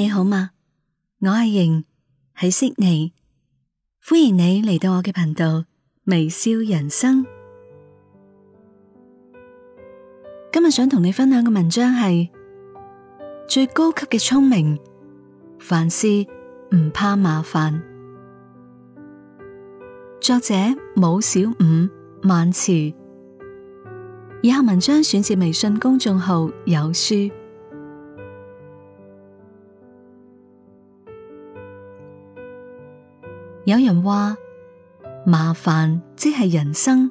你好嗎？我係瑩，喺悉尼。歡迎你嚟到我嘅頻道微笑人生。今日想同你分享嘅文章係最高級嘅聰明，凡事唔怕麻煩。作者武小五萬詞。以下文章選自微信公眾號有書。有人話麻煩即係人生，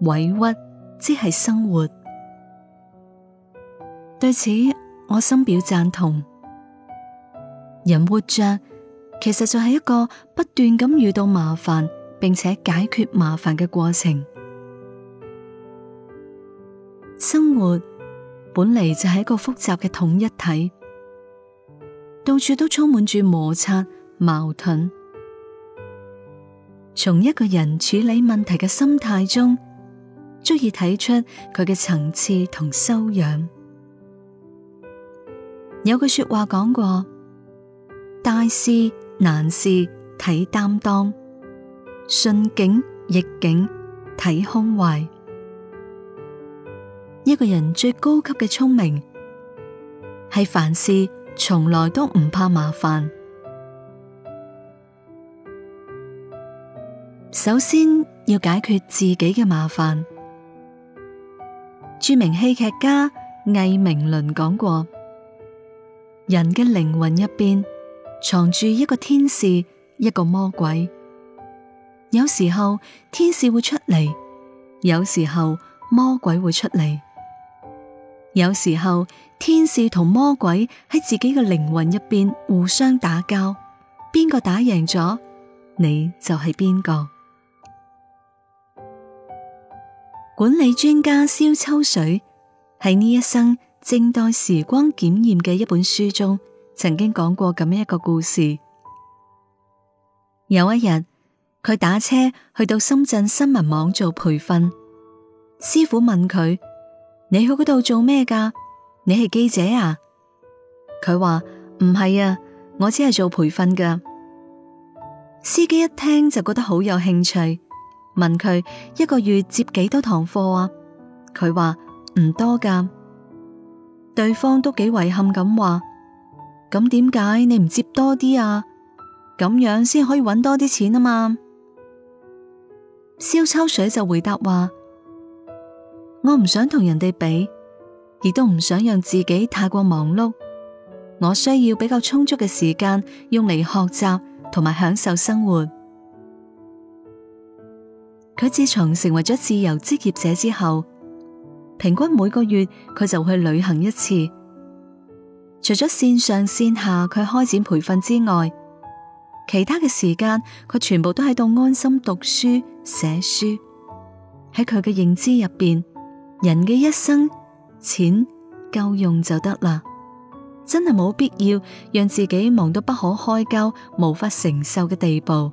委屈即係生活。對此我深表贊同。人活着，其實就係一個不斷咁遇到麻煩，並且解決麻煩嘅過程。生活本嚟就係一個複雜嘅統一體，到處都充滿住摩擦、矛盾。從一個人處理問題嘅心態中，足以睇出佢嘅層次同修養。有句話說話講過：大事難事睇擔當，順境逆境睇胸懷。一個人最高級嘅聰明，係凡事從來都唔怕麻煩。首先要解決自己嘅麻煩。著名戲劇家魏明倫講過：人嘅靈魂入邊藏住一個天使，一個魔鬼。有時候天使會出嚟，有時候魔鬼會出嚟，有時候天使同魔鬼喺自己嘅靈魂入邊互相打交，邊個打贏咗，你就係邊個。管理專家蕭秋水喺呢一生正待時光檢驗嘅一本書中，曾經講過咁樣一個故事。有一日，佢打車去到深圳新聞網做培訓，師傅問佢：你去嗰度做咩噶？你係記者啊？佢話唔係啊，我只係做培訓噶。司機一聽就覺得好有興趣。問佢一個月接幾多堂課啊？佢話唔多噶。對方都幾遺憾咁話，咁點解你唔接多啲啊？咁樣先可以揾多啲錢啊嘛。蕭秋水就回答話：我唔想同人哋比，亦都唔想讓自己太過忙碌。我需要比較充足嘅時間用嚟學習同埋享受生活。佢自從成為咗自由職業者之後，平均每個月佢就去旅行一次。除咗綫上綫下佢開展培訓之外，其他嘅時間佢全部都喺度安心讀書寫書。喺佢嘅認知入邊，人嘅一生錢夠用就得啦，真係冇必要讓自己忙到不可開交、無法承受嘅地步。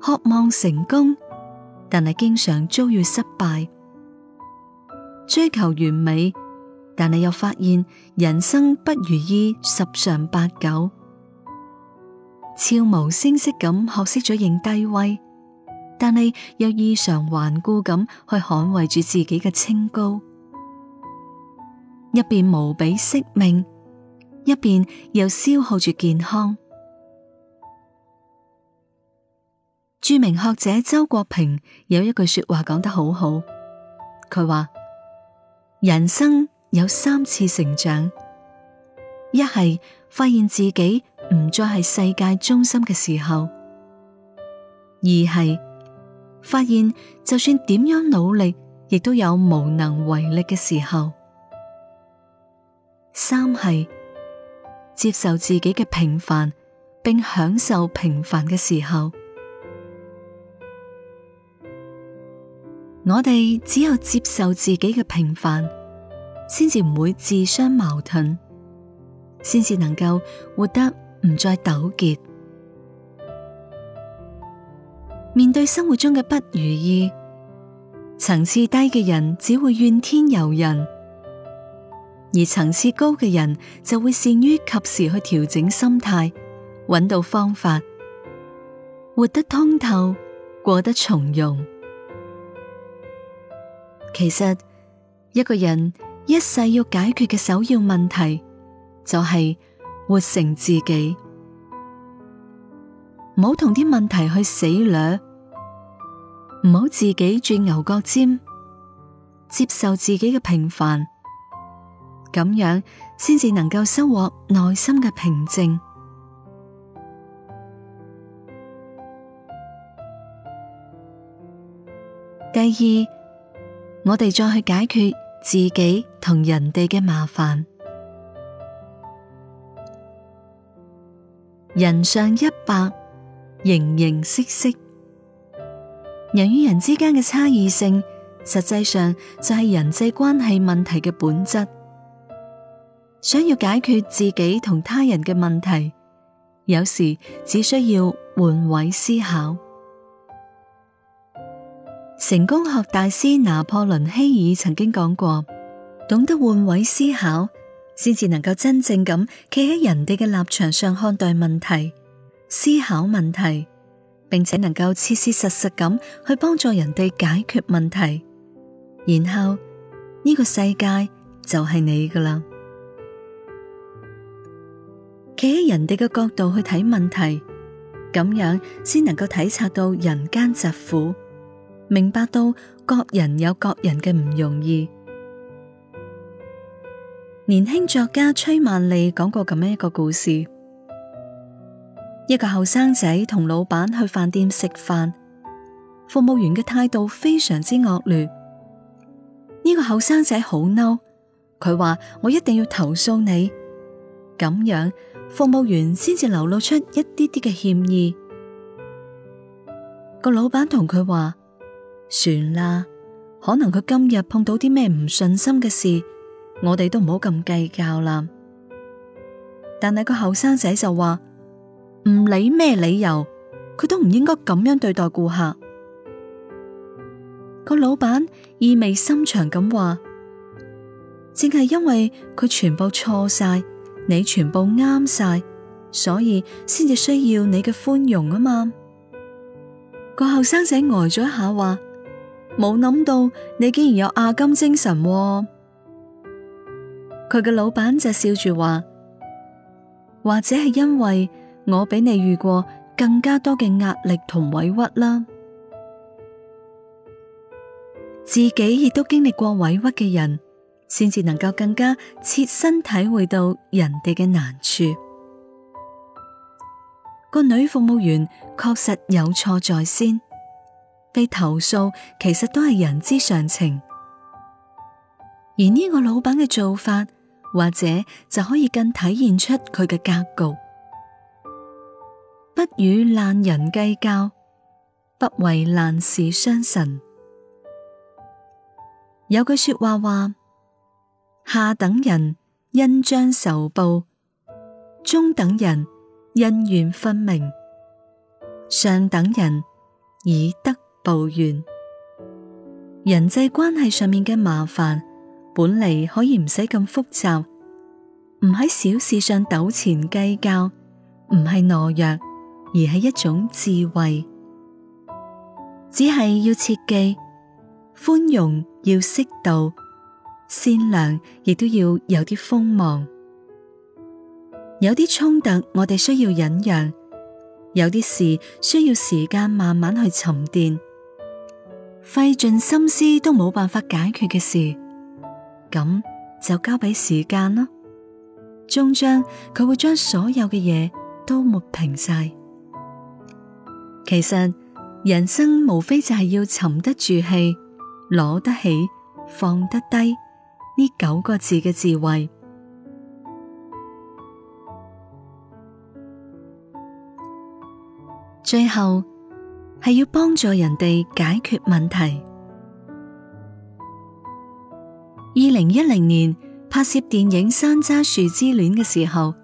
渴望成功，但係經常遭遇失敗；追求完美，但係又發現人生不如意十常八九。悄無聲息咁學識咗認低威，但係又異常頑固咁去捍衛住自己嘅清高，一邊無比惜命，一邊又消耗住健康。著名學者周國平有一句說話講得好好，佢話：人生有三次成長，一係發現自己唔再係世界中心嘅時候；二係發現就算點樣努力，亦都有無能為力嘅時候；三係接受自己嘅平凡，並享受平凡嘅時候。我哋只有接受自己嘅平凡，先至唔會自相矛盾，先至能夠活得唔再糾結。面對生活中嘅不如意，層次低嘅人只會怨天尤人，而層次高嘅人就會善於及時去調整心態，揾到方法，活得通透，過得從容。其實一個人一世要解決嘅首要問題，就係活成自己，唔好同啲問題去死掠，唔好自己鑽牛角尖，接受自己嘅平凡，咁樣先至能夠收穫內心嘅平靜。第二。我哋再去解決自己同人哋嘅麻煩。人上一百，形形色色。人與人之間嘅差異性，實際上就係人際關係問題嘅本質。想要解決自己同他人嘅問題，有時只需要換位思考。成功學大師拿破崙希爾曾經講過：懂得換位思考，先至能夠真正咁企喺人哋嘅立場上看待問題、思考問題，並且能夠切切實實咁去幫助人哋解決問題。然後呢個世界就係你噶啦，企喺人哋嘅角度去睇問題，咁樣先能夠體察到人間疾苦。明白到各人有各人嘅唔容易。年輕作家崔曼莉講過咁樣一個故事：一個後生仔同老闆去飯店食飯，服務員嘅態度非常之惡劣。呢、這個後生仔好嬲，佢話我一定要投訴你。咁樣，服務員先至流露出一啲啲嘅歉意。個老闆同佢話。算啦，可能佢今日碰到啲咩唔順心嘅事，我哋都唔好咁計較啦。但係個後生仔就話，唔理咩理由，佢都唔應該咁樣對待顧客。個老闆意味深長咁話，正係因為佢全部錯晒，你全部啱晒，所以先至需要你嘅寬容啊嘛。個後生仔呆咗一下話。冇諗到你竟然有阿金精神。哦，佢嘅老闆就笑住話：或者係因為我比你遇過更加多嘅壓力同委屈啦，自己亦都經歷過委屈嘅人，先至能夠更加切身體會到人哋嘅難處。個女服務員確實有錯在先。被投訴其實都係人之常情，而呢個老闆嘅做法或者就可以更體現出佢嘅格局。不與爛人計較，不為爛事傷神。有句說話話：下等人恩將仇報，中等人恩怨分明，上等人以德。抱怨人際關係上面嘅麻煩，本嚟可以唔使咁複雜，唔喺小事上糾纏計較，唔係懦弱，而係一種智慧。只係要切記寬容要適度，善良亦都要有啲鋒芒。有啲衝突我哋需要忍讓，有啲事需要時間慢慢去沉澱。費盡心思都冇辦法解決嘅事，咁就交俾時間啦。終將佢會將所有嘅嘢都抹平晒。其實人生無非就係要沉得住氣、攞得起、放得低呢九個字嘅智慧。最後。係要幫助人哋解決問題。二零一零年拍攝電影《山楂樹之戀》嘅時候，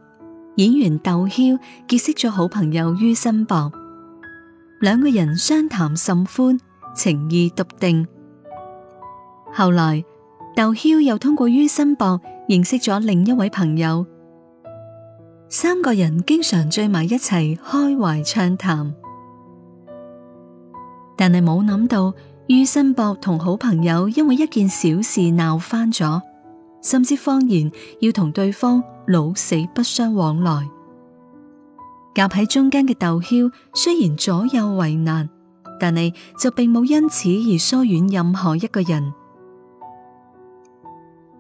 演員竇驍結識咗好朋友于新博，兩個人相談甚歡，情誼篤定。後來，竇驍又通過于新博認識咗另一位朋友，三個人經常聚埋一齊開懷暢談。但係冇諗到，于新博同好朋友因為一件小事鬧翻咗，甚至放言要同對方老死不相往來。夾喺中間嘅竇驍，雖然左右為難，但係就並冇因此而疏遠任何一個人。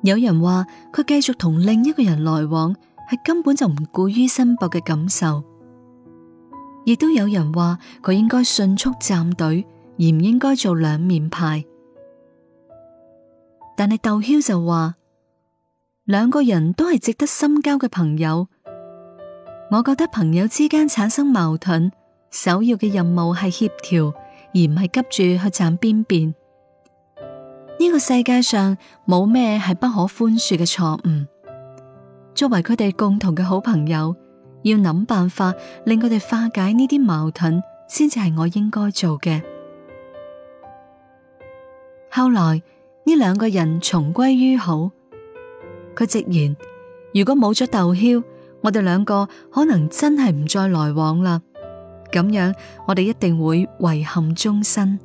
有人話佢繼續同另一個人來往，係根本就唔顧于新博嘅感受。亦都有人話佢應該迅速站隊，而唔應該做兩面派。但係竇驍就話兩個人都係值得深交嘅朋友。我覺得朋友之間產生矛盾，首要嘅任務係協調，而唔係急住去站邊邊。呢個世界上冇咩係不可寬恕嘅錯誤。作為佢哋共同嘅好朋友，要諗辦法令佢哋化解呢啲矛盾，先至係我應該做嘅。後來呢兩個人重歸於好，佢直言：如果冇咗鬥囂，我哋兩個可能真係唔再來往啦。咁樣我哋一定會遺憾終身。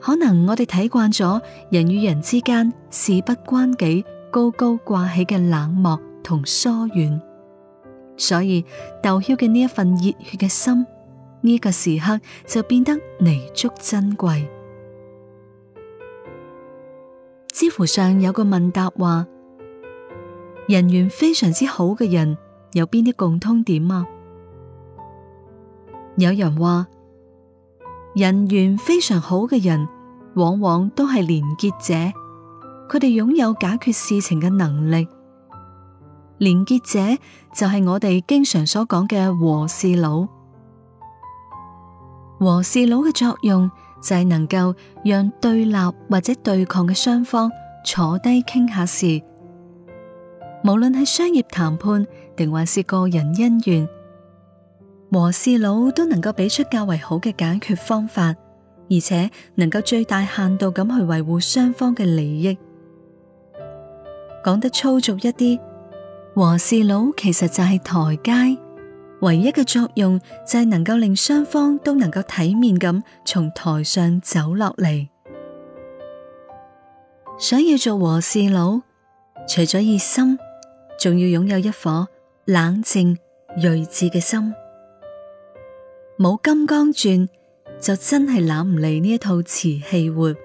可能我哋睇慣咗人與人之間事不關己、高高掛起嘅冷漠同疏遠，所以竇驍嘅呢一份熱血嘅心，呢個時刻就變得彌足珍貴。知乎上有個問答話：人緣非常之好嘅人，有邊啲共通點啊？有人話，人緣非常好嘅人，往往都係連結者，佢哋擁有解決事情嘅能力。連結者就係我哋經常所講嘅和事佬，和事佬嘅作用就係能夠讓對立或者對抗嘅雙方坐低傾下談談事，無論係商業談判定還是個人恩怨，和事佬都能夠俾出較為好嘅解決方法，而且能夠最大限度咁去維護雙方嘅利益。講得粗俗一啲。和事佬其實就係台階，唯一嘅作用就係能夠令雙方都能夠體面咁從台上走落嚟。想要做和事佬，除咗熱心，仲要擁有一顆冷靜睿智嘅心。冇金剛鑽，就真係攬唔嚟呢一套瓷器活。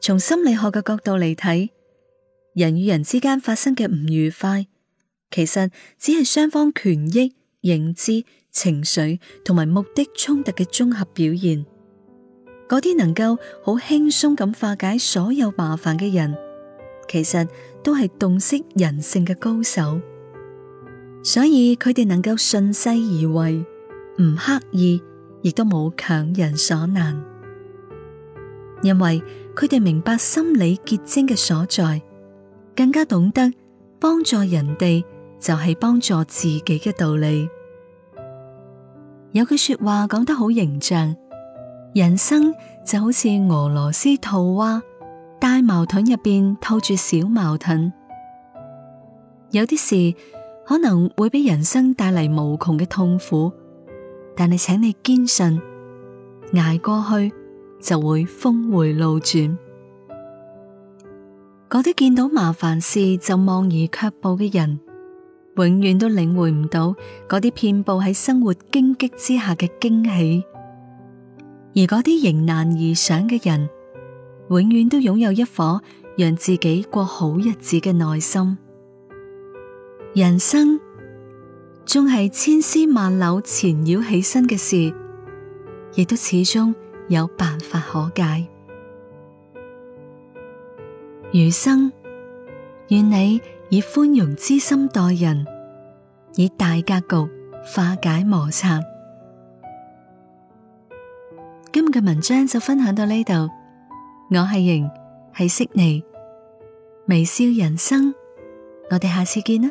從心理學嘅角度嚟睇。人與人之間發生嘅唔愉快，其實只係雙方權益、認知、情緒同埋目的衝突嘅綜合表現。嗰啲能夠好輕鬆咁化解所有麻煩嘅人，其實都係洞悉人性嘅高手。所以佢哋能夠順勢而為，唔刻意，亦都冇強人所難，因為佢哋明白心理結晶嘅所在。更加懂得幫助人哋就係幫助自己嘅道理。有句說話講得好形象，人生就好似俄羅斯套娃，大矛盾入邊套住小矛盾。有啲事可能會俾人生帶嚟無窮嘅痛苦，但係請你堅信，捱過去就會峰回路轉。嗰啲見到麻煩事就望而卻步嘅人，永遠都領會唔到嗰啲遍布喺生活荊棘之下嘅驚喜；而嗰啲迎難而上嘅人，永遠都擁有一顆讓自己過好日子嘅內心。人生仲係千絲萬縷纏繞起身嘅事，亦都始終有辦法可解。餘生願你以寬容之心待人，以大格局化解摩擦。今日嘅文章就分享到呢度，我係瑩，係悉尼微笑人生，我哋下次見啦。